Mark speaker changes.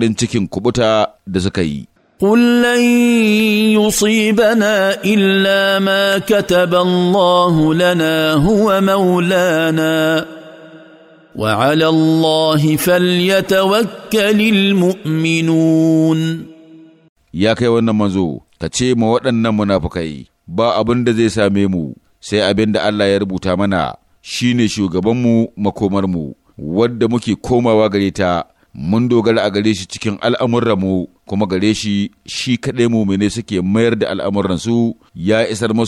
Speaker 1: farin cikin kubuta da suka yi.
Speaker 2: قل yusibana illa ma ما Allah lana huwa maulana,
Speaker 3: wa
Speaker 2: وعلى الله فليتوكل المؤمنون
Speaker 3: Ya kai wannan manzo ka ce ma waɗannan munafukai ba abin da zai same mu sai abin da Allah ya rubuta mana shine shugabanmu makomarmu wadda muke komawa gare ta mun dogara a gare shi cikin al'amuranmu kuma gare shi shi kaɗai ne suke mayar da al'amuransu
Speaker 4: ya isar masu